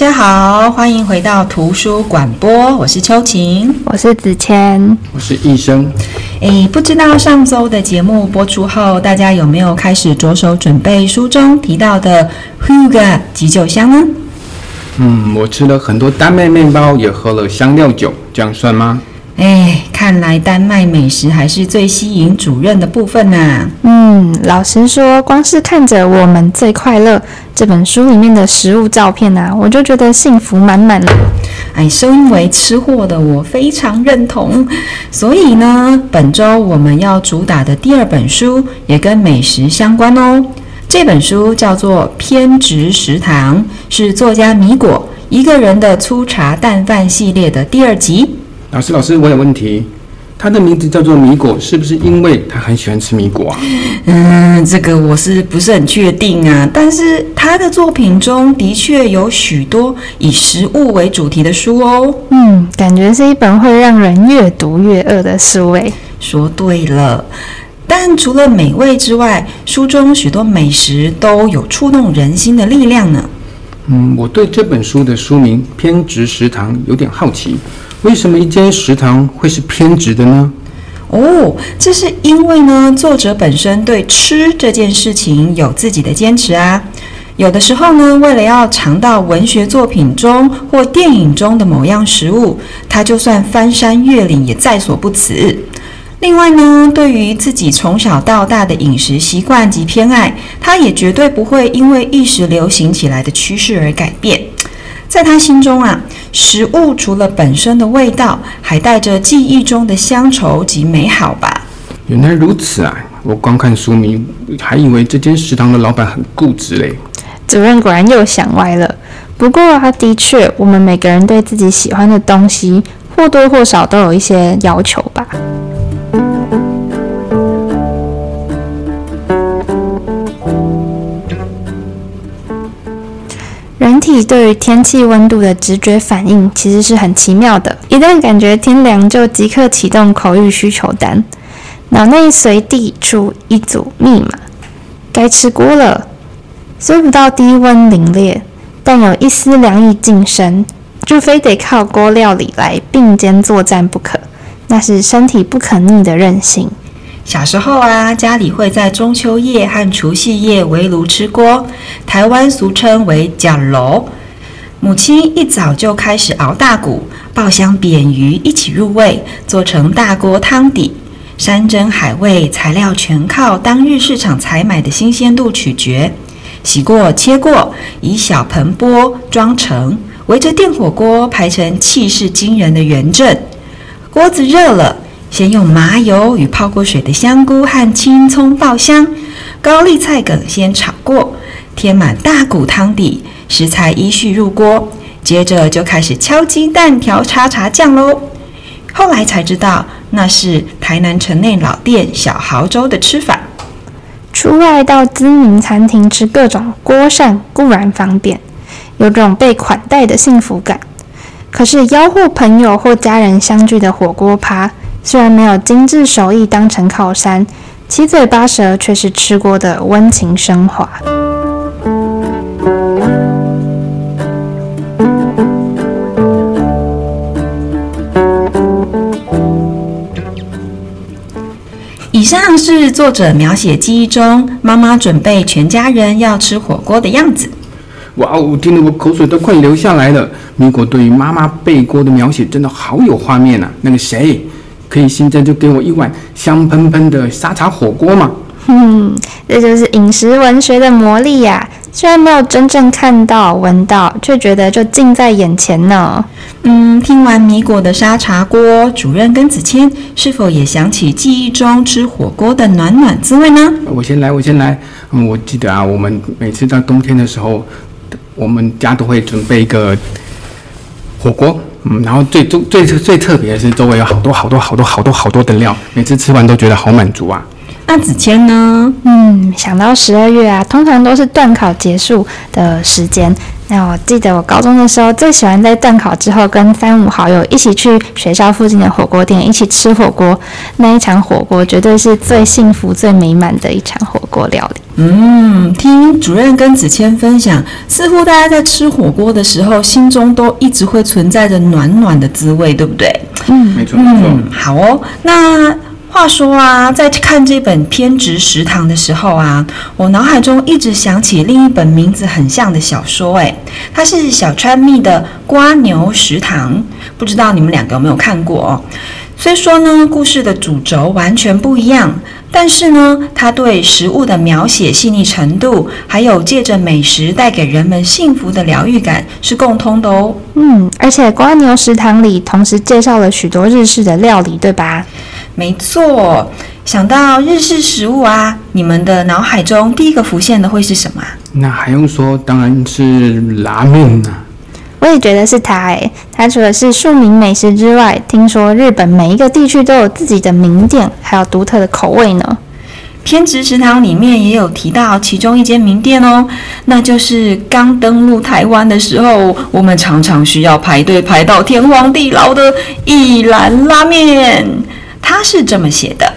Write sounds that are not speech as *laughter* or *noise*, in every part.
大家好，歡迎回到圖書館播。我是秋晴，我是子謙，我是醫生。哎，不知道上周的節目播出後，大家有沒有開始着手準備書中提到的 HUGA 急救箱呢？嗯，我吃了很多丹麥麵包，也喝了香料酒，這樣算嗎？哎，看來丹麥美食還是最吸引主任的部分吶。嗯，老實說，光是看着我們最快樂這本書裡面的食物照片吶，我就覺得幸福滿滿了。哎，身為吃貨的我非常認同。所以呢，本周我們要主打的第二本書也跟美食相關哦。這本書叫做《偏執食堂》，是作家米果一個人的粗茶淡飯系列的第二集。老師，老師，我有問題。他的名字叫做米果，是不是因為他很喜歡吃米果啊？嗯，這個我是不是很確定啊？但是他的作品中的確有許多以食物為主題的書哦。嗯，感覺是一本會讓人越讀越餓的書。說對了，但除了美味之外，書中許多美食都有觸動人心的力量呢。嗯，我對這本書的書名《偏執食堂》有點好奇。為什麼一間食堂會是偏執的呢？哦，這是因為呢，作者本身對吃這件事情有自己的堅持啊。有的時候呢，為了要嘗到文學作品中或電影中的某樣食物，他就算翻山越嶺也在所不辭。另外呢，對於自己從小到大的飲食習慣及偏愛，他也絕對不會因為一時流行起來的趨勢而改變。在他心中啊。食物除了本身的味道，還帶着記憶中的鄉愁及美好吧。原來如此啊！我光看書名，還以為這間食堂的老闆很固執嘞。主任果然又想歪了。不過他啊，的確，我們每個人對自己喜歡的東西，或多或少都有一些要求吧。身體對於天氣溫度的直覺反應其實是很奇妙的，一旦感覺天涼，就即刻啟動口欲需求單，腦內隨地出一組密碼，該吃鍋了。雖不到低溫凛冽，但有一絲涼意近身，就非得靠鍋料理來並肩作戰不可，那是身體不可逆的韌性。小時候啊，家裡會在中秋夜和除夕夜圍爐吃鍋，台灣俗稱為“蔣爐”，母親一早就開始熬大骨、爆香扁魚，一起入味，做成大鍋湯底。山珍海味材料全靠當日市場採買的新鮮度取決，洗過切過，以小盆缽裝盛，圍着電火鍋排成氣勢驚人的圓陣。鍋子熱了。先用麻油與泡過水的香菇和青蔥爆香，高麗菜梗先炒過，添滿大骨湯底，食材依序入鍋，接着就開始敲雞蛋調沙茶醬嘍。後來才知道那是台南城內老店小豪洲的吃法。出外到知名餐廳吃各種鍋膳固然方便，有種被款待的幸福感，可是邀護朋友或家人相聚的火鍋趴，雖然沒有精緻手藝當成靠山，七嘴八舌卻是吃鍋的溫情升華。以上是作者描寫記憶中媽媽準備全家人要吃火鍋的樣子。哇哦！我聽得我口水都快流下來了。米果對於媽媽背鍋的描寫真的好有畫面啊！那個誰？可以現在就給我一碗香噴噴的沙茶火鍋嘛？嗯，這就是飲食文學的魔力呀！雖然沒有真正看到、聞到，卻覺得就近在眼前呢。嗯，聽完米果的沙茶鍋，主任跟子謙是否也想起記憶中吃火鍋的暖暖滋味呢？我先來，我先來。嗯，我記得啊，我們每次到冬天的時候，我們家都會準備一個火鍋。嗯，然後最最最最特別的是，周圍有好多好多好多好多好多的料，每次吃完都覺得好滿足啊。那子謙呢？嗯，想到十二月啊，通常都是段考結束的時間。那我記得我高中的時候，最喜歡在段考之後，跟三五好友一起去學校附近的火鍋店，一起吃火鍋。那一場火鍋絕對是最幸福、最美滿的一場火鍋料理。嗯，聽主任跟子謙分享，似乎大家在吃火鍋的時候，心中都一直會存在着暖暖的滋味，對不對？嗯，沒，沒錯。嗯，好哦。那。話說啊，在看這本《偏執食堂》的時候啊，我腦海中一直想起另一本名字很像的小說，哎，它是小川糸的《蝸牛食堂》，不知道你們兩個有沒有看過哦？雖說呢，故事的主軸完全不一樣，但是呢，它對食物的描寫細膩程度，還有借着美食帶給人們幸福的療癒感是共通的哦。嗯，而且《蝸牛食堂》裡同時介紹了許多日式的料理，對吧？沒錯，想到日式食物啊，你們的腦海中第一個浮現的會是什麼？那還用說，當然是拉麵了、啊。我也覺得是它誒、欸。它除了是庶民美食之外，聽說日本每一個地區都有自己的名店，還有獨特的口味呢。偏執食堂裡面也有提到其中一間名店哦，那就是剛登陸台灣的時候，我們常常需要排隊排到天荒地老的一蘭拉麵。他是這麼寫的：“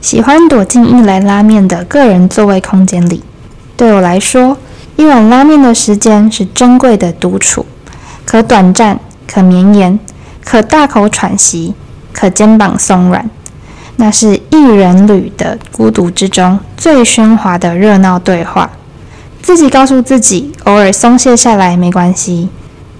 喜歡躲進一蘭拉麵的個人座位空間裡。對我來說，一碗拉麵的時間是珍貴的獨處，可短暫，可綿延，可大口喘息，可肩膀鬆軟。那是一人旅的孤獨之中最喧嘩的熱鬧對話。”自己告訴自己，偶爾鬆懈下來沒關係。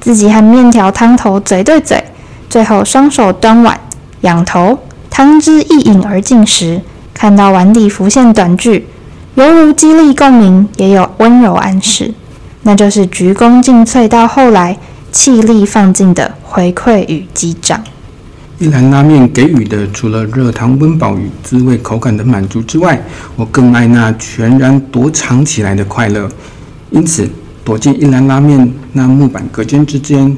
自己和麵條湯頭嘴對嘴，最後雙手端碗仰頭，湯汁一飲而盡時，看到碗底浮現短句，猶如激勵共鳴，也有溫柔暗示，那就是“鞠躬盡瘁”，到後來氣力放盡的回饋與擊掌。一蘭拉麵給予的，除了熱湯溫飽與滋味口感的滿足之外，我更愛那全然躲藏起來的快樂。因此，躲進一蘭拉麵那木板隔間之間，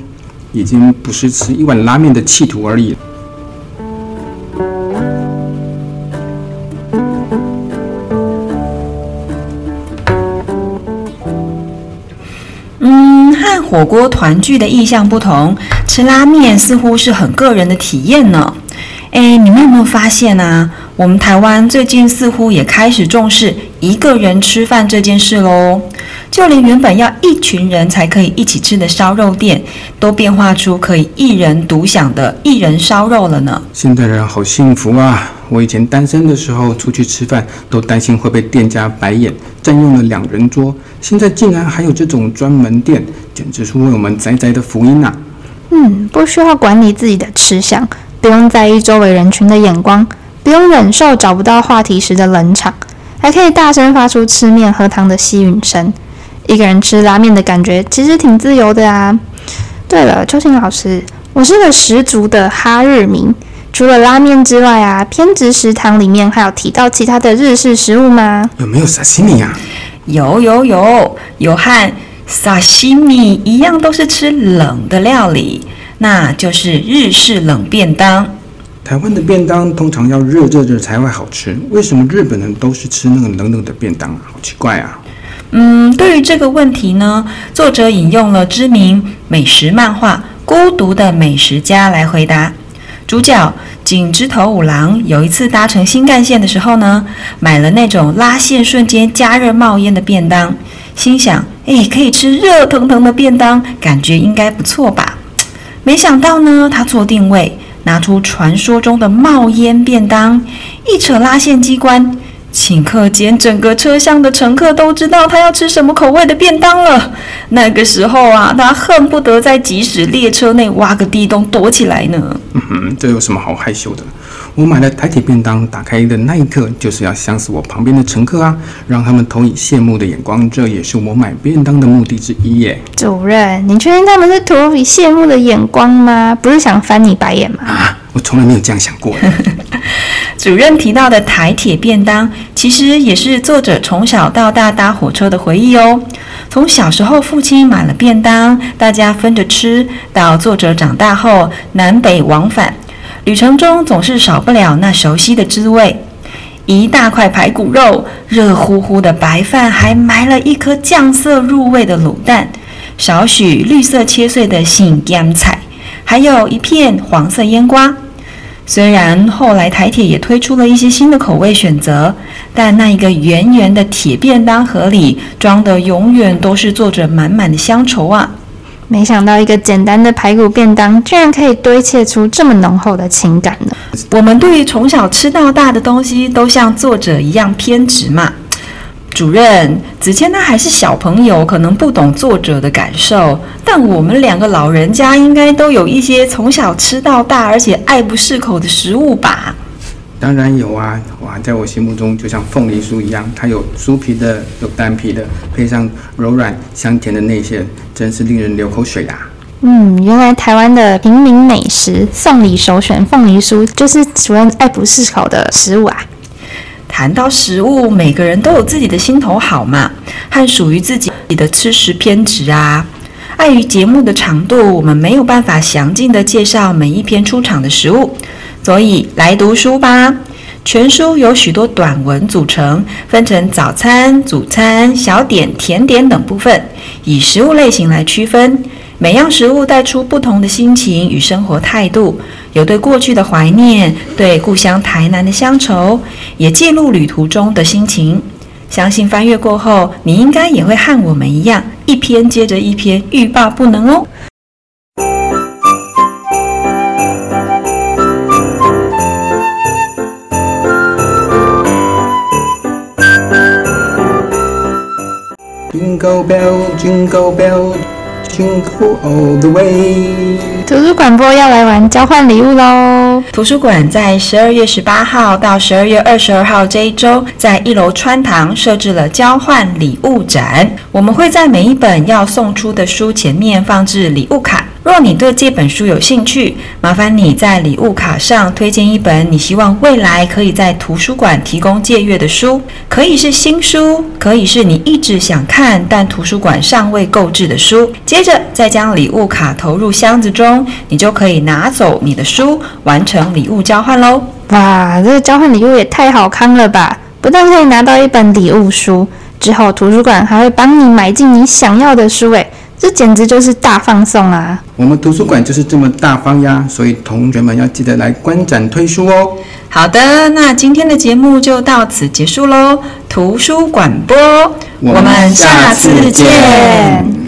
已經不是吃一碗拉麵的企圖而已。火鍋團聚的意象不同，吃拉麵似乎是很個人的體驗呢。誒，你們有沒有發現啊？我們台灣最近似乎也開始重視一個人吃飯這件事嘍。就連原本要一群人才可以一起吃的燒肉店，都變化出可以一人獨享的一人燒肉了呢。現代人好幸福啊！我以前單身的時候出去吃飯，都擔心會被店家白眼。佔用了兩人桌，現在竟然還有這種專門店，簡直是為我們宅宅的福音啊！嗯，不需要管理自己的吃相，不用在意周圍人群的眼光，不用忍受找不到話題時的冷場，還可以大聲發出吃麵喝湯的吸吮聲。一個人吃拉麵的感覺其實挺自由的啊。對了，秋晴老師，我是個十足的哈日迷。除了拉麵之外啊，偏執食堂裡面還有提到其他的日式食物嗎？有沒有薩西米啊？有有有，有和薩西米一樣都是吃冷的料理，那就是日式冷便當。台灣的便當通常要熱熱熱才會好吃，為什麼日本人都是吃那個冷冷的便當？好奇怪啊！嗯，對於這個問題呢，作者引用了知名美食漫畫《孤獨的美食家》來回答。主角井之頭五郎有一次搭乘新幹線的時候呢，買了那種拉線瞬間加熱冒煙的便當，心想：哎、欸，可以吃熱騰騰的便當，感覺應該不錯吧？沒想到呢，他坐定位，拿出傳說中的冒煙便當，一扯拉線機關。頃刻間，整個車廂的乘客都知道他要吃什麼口味的便當了。那個時候啊，他恨不得在急駛列車內挖個地洞躲起來呢。嗯哼，這有什麼好害羞的？我買了台鐵便當，打開的那一刻就是要嚇死我旁邊的乘客啊，讓他們投以羨慕的眼光。這也是我買便當的目的之一耶。主任，你確定他們是投以羨慕的眼光嗎？不是想翻你白眼嗎？啊，我從來沒有這樣想過。 *laughs* 主任提到的台鐵便當，其實也是作者從小到大搭火車的回憶哦。從小時候父親買了便當，大家分着吃到作者長大後南北往返，旅程中總是少不了那熟悉的滋味。一大塊排骨肉，熱乎乎的白飯，還埋了一顆醬色入味的滷蛋，少許綠色切碎的杏乾菜，還有一片黃色醃瓜。雖然後來台鐵也推出了一些新的口味選擇，但那一個圓圓的鐵便當盒裡裝的永遠都是作者滿滿的鄉愁啊！沒想到一個簡單的排骨便當，居然可以堆砌出這麼濃厚的情感呢！我們對於從小吃到大的東西，都像作者一樣偏執嘛！主任子謙他還是小朋友，可能不懂作者的感受，但我們兩個老人家應該都有一些從小吃到大，而且愛不釋口的食物吧？當然有啊！哇，在我心目中就像鳳梨酥一樣，它有酥皮的，有蛋皮的，配上柔軟香甜的內餡，真是令人流口水啊！嗯，原來台灣的平民美食送禮首選鳳梨酥，就是主任愛不釋口的食物啊！談到食物，每個人都有自己的心頭好嘛，和屬於自己的吃食偏執啊。礙於節目的長度，我們沒有辦法詳盡地介紹每一篇出場的食物，所以來讀書吧。全書由許多短文組成，分成早餐、主餐、小點、甜點等部分，以食物類型來區分。每樣食物帶出不同的心情與生活態度，有對過去的懷念，對故鄉台南的鄉愁，也記錄旅途中的心情。相信翻閱過後，你應該也會和我們一樣，一篇接着一篇，欲罷不能哦。各位圖書館播要來玩交換禮物嘍！圖書館在十二月十八號到十二月二十二號這一週，在一樓穿堂設置了交換禮物展。我們會在每一本要送出的書前面放置禮物卡。若你對這本書有興趣，麻煩你在禮物卡上推薦一本你希望未來可以在圖書館提供借閱的書，可以是新書，可以是你一直想看但圖書館尚未購置的書。接着再將禮物卡投入箱子中，你就可以拿走你的書，完成禮物交換嘍！哇，這個交換禮物也太好康了吧！不但可以拿到一本禮物書，之後圖書館還會幫你買進你想要的書誒。這簡直就是大放送啊！我們圖書館就是這麼大方呀，所以同學們要記得來觀展推書哦。好的，那今天的節目就到此結束嘍，圖書館播，我們下次見。